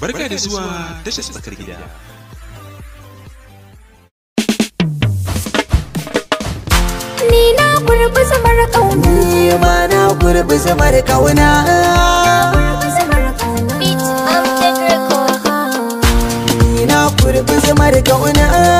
Barka da zuwa tashar tsakar gida. Ni na gurbi zamar ƙauna. Ni ma na gurbi zama da Ni na gurbi zamar kauna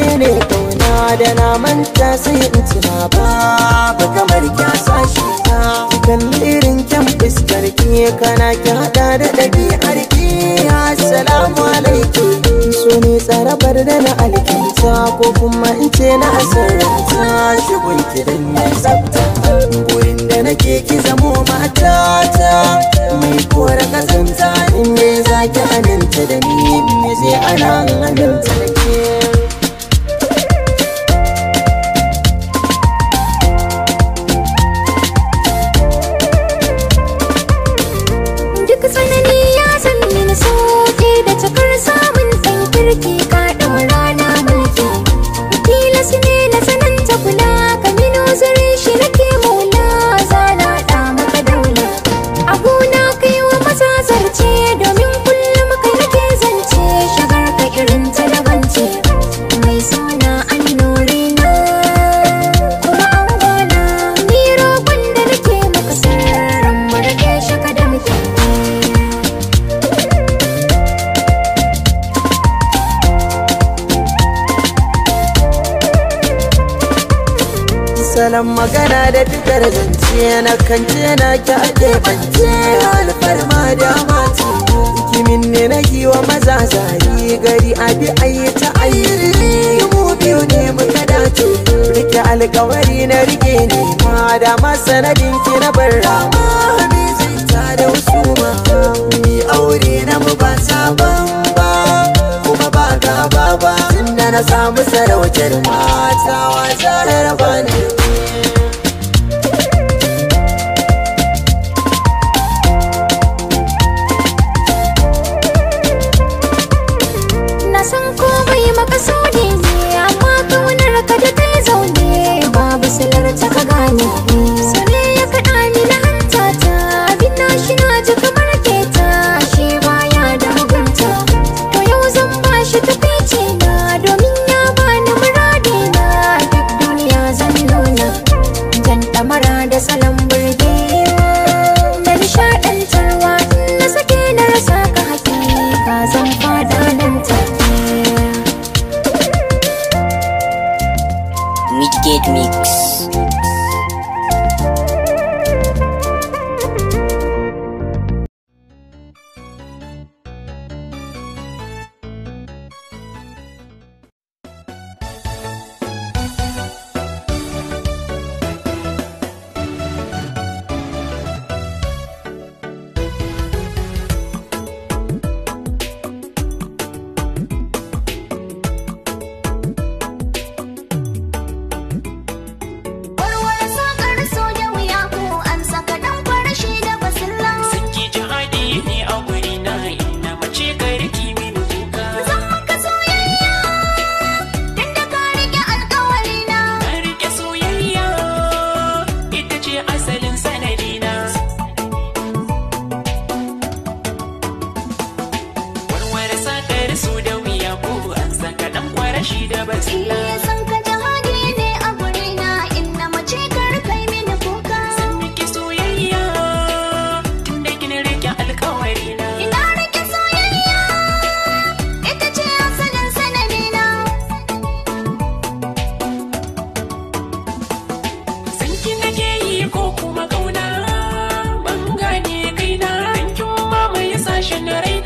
kai ne kauna da na manta sai in ba babu kamar kya sashi ta lirin kyan fuskar ki kana ki hada da ɗabi'ar ki assalamu alaikum so ne tsarabar da na alkinta ko kuma in ce na asararta shigun ki dan ya tsafta burin da nake ki zamo matata mai kora kazanta in ne zaki aminta da ni ne zai ana aminta da ke salon magana da fitar zance na kance na ki a keɓance alfarma da mati ikimin ne na giwa maza zari gari abi ayi ta ayi mu biyu ne muka dace rike alkawari na rike ne ma da ma sanadin ki na bar rama ta da husuma mi aure na mu ba sabon ba kuma ba ba tunda na samu sarautar mata wa zarar ne. da salon burgewa da nishaɗantarwa na sake na rasa ka hakika zan fada nan Mix Señorita.